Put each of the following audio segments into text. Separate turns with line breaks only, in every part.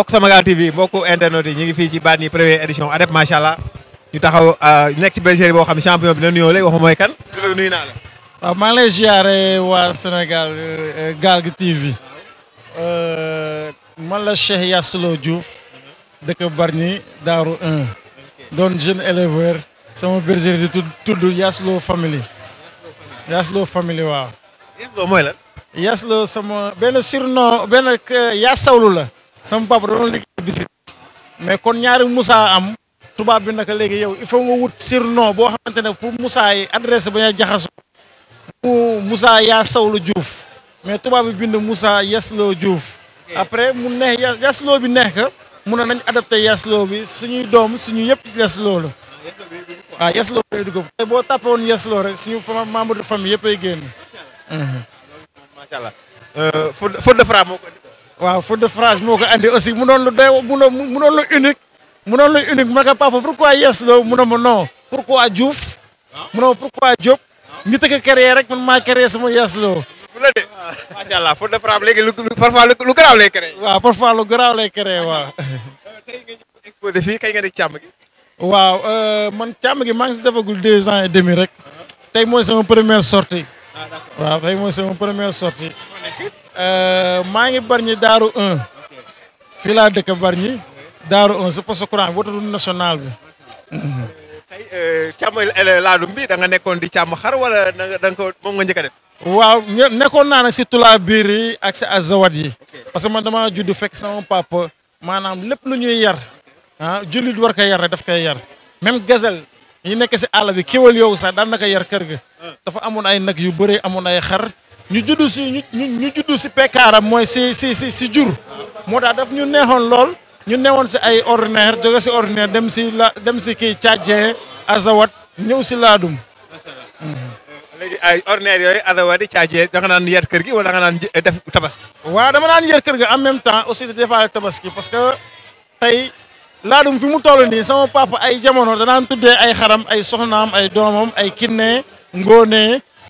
sama ga TV mbokku internet yi ñu ngi fi ci bani premier edition adep machallah ñu taxaw eh, nek ci bergerie bo xam champion bi la nuyo lay wax moy kan. nuy na la. wa maa lay ziare wa senegal eh, Gaal gi TV eh, man la Cheikh Yassilo Diouf dëkk barni daru 1 Don jeune éleveur sama berger di tuddu tudd ya family Yassilo family wa Yassilo moy lan. Yassilo sama ben surnom ben yaasawlu la sama papa da doon bisit mais kon ñaari musa am Tuba bi nak legi yow il faut nga wut surnom boo xamante pour Musa yi adresse baña jaxaso mu Moussa sawlu djouf mais tuba bi bind musa yaslo djouf après mu neex ya-, yaslo bi neex ka mu nañ adapté yaslo bi suñuy dom suñu yëpp Yasloo la ah yaslo lay dugg bo rek suñu membre de famille genn allah. Euh, faute de frappe waaw faute de phrase moo ko andi aussi mu doon lu doy mu doon mu doon lu unique mu doon lu unique ma ne papa pourquoi yes loo mu ne ma non pourquoi ma pourquoi tëgg créer rek man maa créer sama yes loo. macha allah faute de phrase léegi lu parfois lu garaaw lay créer. waaw parfois lu garaaw lay créer waaw. fii kay nga nekk càmm euh, man càmm gi maa ngi si defagul deux ans et demi rek. tey mooy sama première sortie. Ah, waaw tey mooy sama première sortie. Euh, maa ngi Bargny Daaru 1 fii dëkk Bargny Daaru 1 si poste courant bi wotatu national bi. tey euh, càmm euh, laadum bi da nga nekkoon di càmm xar wala da nga ko moom nga njëkk def. waaw nekkoon naa nag si tulaa biir yi ak si azawat yi. parce que man dama judd fekk sama papa maanaam lépp lu ñuy yar ah jullit war koy yar rek daf koy yar même gazelle yi nekk si àll bi kéwal yow sax daan na yar kër ga. Ah. dafa amoon ay nag yu bëree amoon ay xar. ñu juddu si ñu ñu juddu si pekaaram mooy si si si si jur moo tax def ñu neexoon lool ñu newoon si ay ordinaire jóge si ordinaire dem si la dem si kii càjjee azawat ñëw si laadum mm-hmm. léegi ay ordinaire yooyu azawat yi càjjee da naan yar kër gi wala da nga naan def tabaski waaw dama naan yar kër gi en même temps aussi di defaale tabaski parce que tey laadum fi mu toll nii sama papa ay jamono danaan tuddee ay xaram ay soxnaam ay doomam ay kinne ngóonee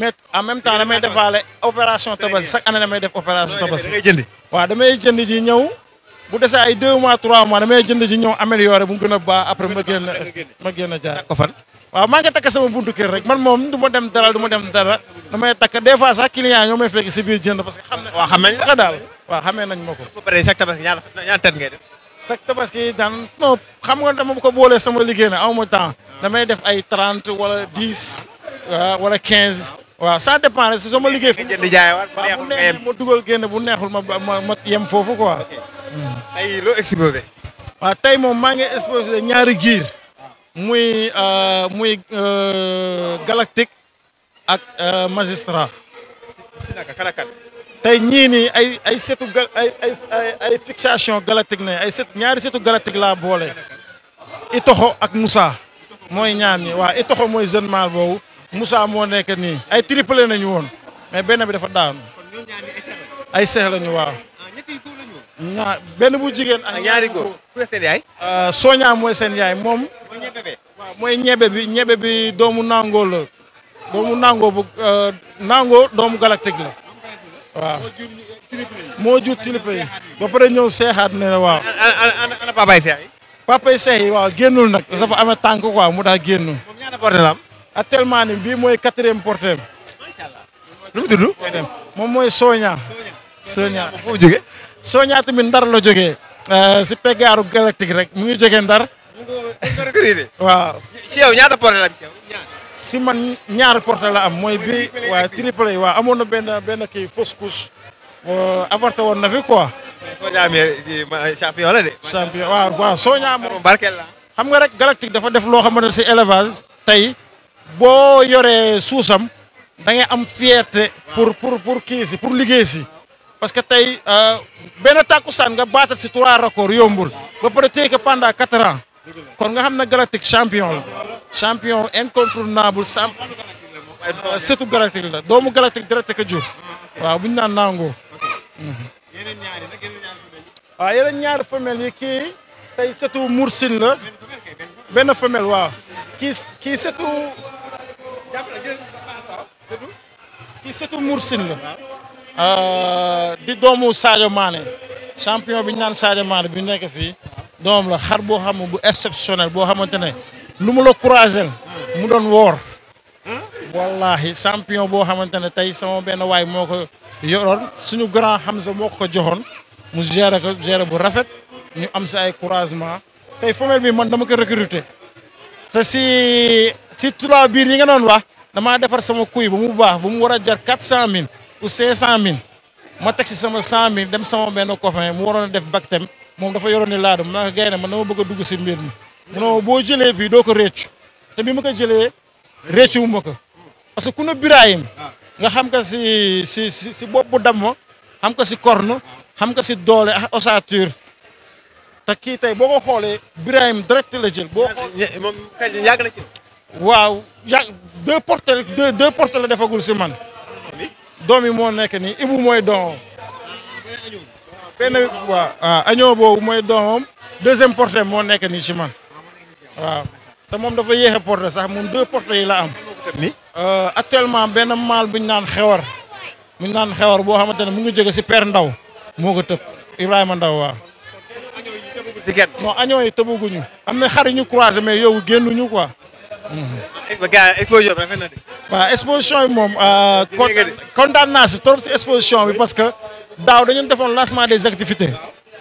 mais en même temps damay opération chaque année damay def opération damay jënd ji bu ay mois trois mois damay jënd ji amélioré bu a après ma génn ma génn jaay ko fan waaw maa ngi takk sama buntu kër rek man moom du dem dara du dem dara damay takk des fois sax client ñoo may fekk biir jënd parce que xam na waaw xam nañ la daal waaw nañ ma ko ba chaque tabaski ñaar ñaar tet ngay def chaque tabaski dan no. xam nga dama ko boolee sama liggéey na temps damay def ay wala dix euh, wala quinze waaw ça dépend rek sama liggéey. nga jënd jaayewaat bu neexul nga yem ma dugal génn bu neexul ma ma yem foofu quoi. tey loo exposé. tey moom maa ngi exposé ñaari giir. muy euh, muy euh, galactique ak euh, magistrat. tey ñii nii ay ay setu ga ay ay ay ay set ñaari setu galactique laa boole. Itoxo ak Moussa. mooy ñaar ñi waaw Itoxo mooy jeune mâle boobu. Moussa moo nekk nii ay triplé nañu woon mais benn bi dafa daanu. ay seex lañu waaw. Ah, ñaar benn bu jigéen ak ñaari góor seen yaay. Ah, soña mooy seen yaay moom. waaw mooy ñebe bi ñebe bi doomu nangoo la doomu nangoo bu ah, nangoo doomu galactique la waaw. Eh, moo jur triplé yi ba pare ñëw seexaat ne waaw. ana ana papay seex yi. papay seex waaw génnul nag dafa amee tànk quoi mu daa génnul. actuellement ni bii mooy quatrième porté lu tuddu mom moy Soña. Soña foo joge Soña tamit ndar la joge euh ci pegaru galactique rek mu ngi joge ndar. waaw. ci yow ñaata porteur la ci yow si man ñaar porteur la am moy bi wa triple wa amono ben ben ki fausse couche. euh avorté woon na fi quoi. Soña amee champion la de. champion wa wa Soña mo barkel la. xam nga rek galactique dafa def lo xamante ci élevage tay boo yoree suusam da ngay am fierté pour pour pour kii si pour liggéey si parce que tey euh, benn tàkkusaan nga baatal si trois records yombul ba pare téye ko pendant quatre ans kon nga xam ne Galactique champion la champion incontournable sam euh, setu Galactique la doomu Galactique direct ka jur waaw bu ñu naan naangoo waaw yeneen ñaar femelle yi kii tey setu Moursin la benn femelle waaw kii kii sëtu kii sëtu Moursin la euh, di doomu Sadio Mané champion bi ñu naan Sadio Mané bi nekk fii doom la xar boo xam bu exceptionnel boo xamante ne lu mu la croisé mu doon woor wallahi champion boo xamante ne tey sama benn waay moo ko yoroon suñu grand Hamza moo ko joxoon mu géré ko géré bu rafet ñu am si ay couragement tey femelle bi man dama ko recruter te si si trois biir yi nga noon wax damaa defar sama kuy ba mu baax ba mu war a jar quatre cent mille ou cinq cent mille ma teg si sama cent mille dem sama benn copain mu waroon a def bactem moom dafa yoroon ni laadum ma ne ko gay ne man dama bëgg a dugg si mbir mi. mu ne boo jëlee bii doo ko réccu te bi ma ko jëlee réccu ma ko parce que ku ne Birahim nga xam ka si si si bopp bu ma xam ko si corne xam ko si doole ak ossature te kii tey boo ko xoolee direct la jël. boo xoolee moom yàgg na ci. waw deux portes deux deux portes la defagul ci man. domi mo nek ni ibu moy mooy ben wa agno waaw moy boobu deuxième porte mo nek ni ci man waaw ta mom dafa yexé porte sax mom deux portes yi la am. ni euh actuellement ben mal buñ ñu xewar buñ ñu xewar bo xamantene mu ngi jóge ci Père Ndaw moko ko Ibrahima Ndaw waaw. si kenn. non añoo yi tëbaguñu. am na xar ñu croisé mais yow génnuñu quoi. ba gars exposition bi rafet na de. waaw exposition bi moom. Euh, kontaan naa si trop si exposition bi parce que daaw dañu defoon lancement des activités.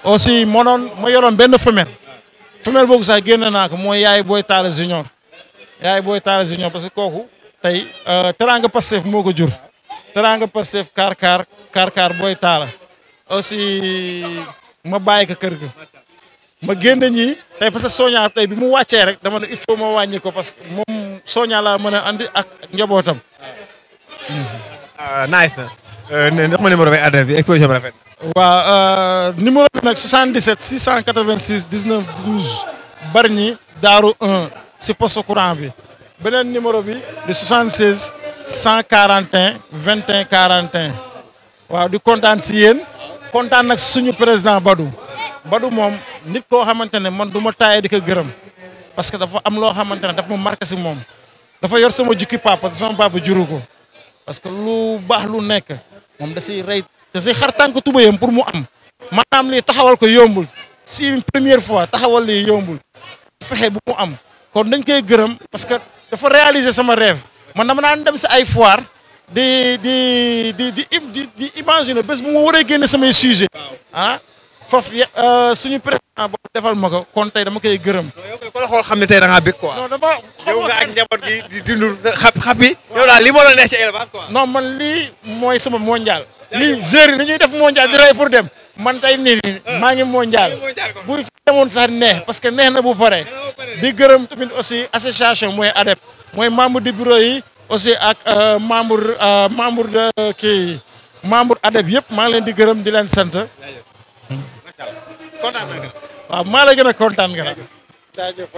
aussi moo doon ma yoroon benn femelle. femelle boobu sax génne naa ko mooy yaay booy Talla Junior. yaay booy Talla Junior parce que kooku tey euh, teranga Pastef moo ko jur. teranga Pastef kaar kaar kaar kar booy Talla. aussi ma bàyyi ko kër ga. ma génn ñii tey parce que soña tey bi mu wàccee rek dama ne il faut ma wàññi ko parce que moom soña laa mën a andi ak njabootam. Ah, nice na. Euh, ndax ma numéro bi adresse bi exposition bi rafet waaw euh, bi nag 77 686 19 12 ñi Daaru 1 si poste courant bi beneen numéro bi di 76 141 21 41 waaw di kontaan si yéen kontaan nag suñu président Badou. Badou moom nit koo xamante ne man du ma taayee di ko gërëm parce que dafa am loo xamante ne dafa ma marqué si moom dafa yor sama jukki papa sama papa juru ko parce que lu baax lu nekk moom da siy rey da siy xar tànk tubéyam pour mu am maanaam lii taxawal ko yombul si une première fois taxawal lii yombul fexe bu mu am kon dañ koy gërëm parce que dafa réaliser sama rêve man dama naan dem si ay foire di di di di di imaginer bés bu mu waree génne samay sujet ah faf ya, euh, suñu président boobu defal ma ko kon tey dama koy gërëm. yow kay ku la xool xam ne da ngaa bég quoi. non dama yow nga ak njaboot gi di dund xa xapi. yow daal li moo la neex ci élevage quoi. non man lii mooy sama mondial. lii géri li ñuy def mondial di rey pour dem. man tey nii euh. maa ngi mondial. bu fi demoon neex parce que neex na bu pare. di gërëm tamit aussi association mooy ADEP. mooy membre du bureau yi. aussi ak euh, membre membre de kii membre ADEP yëpp maa ngi leen di gërëm di leen sant. मला जे कोणतं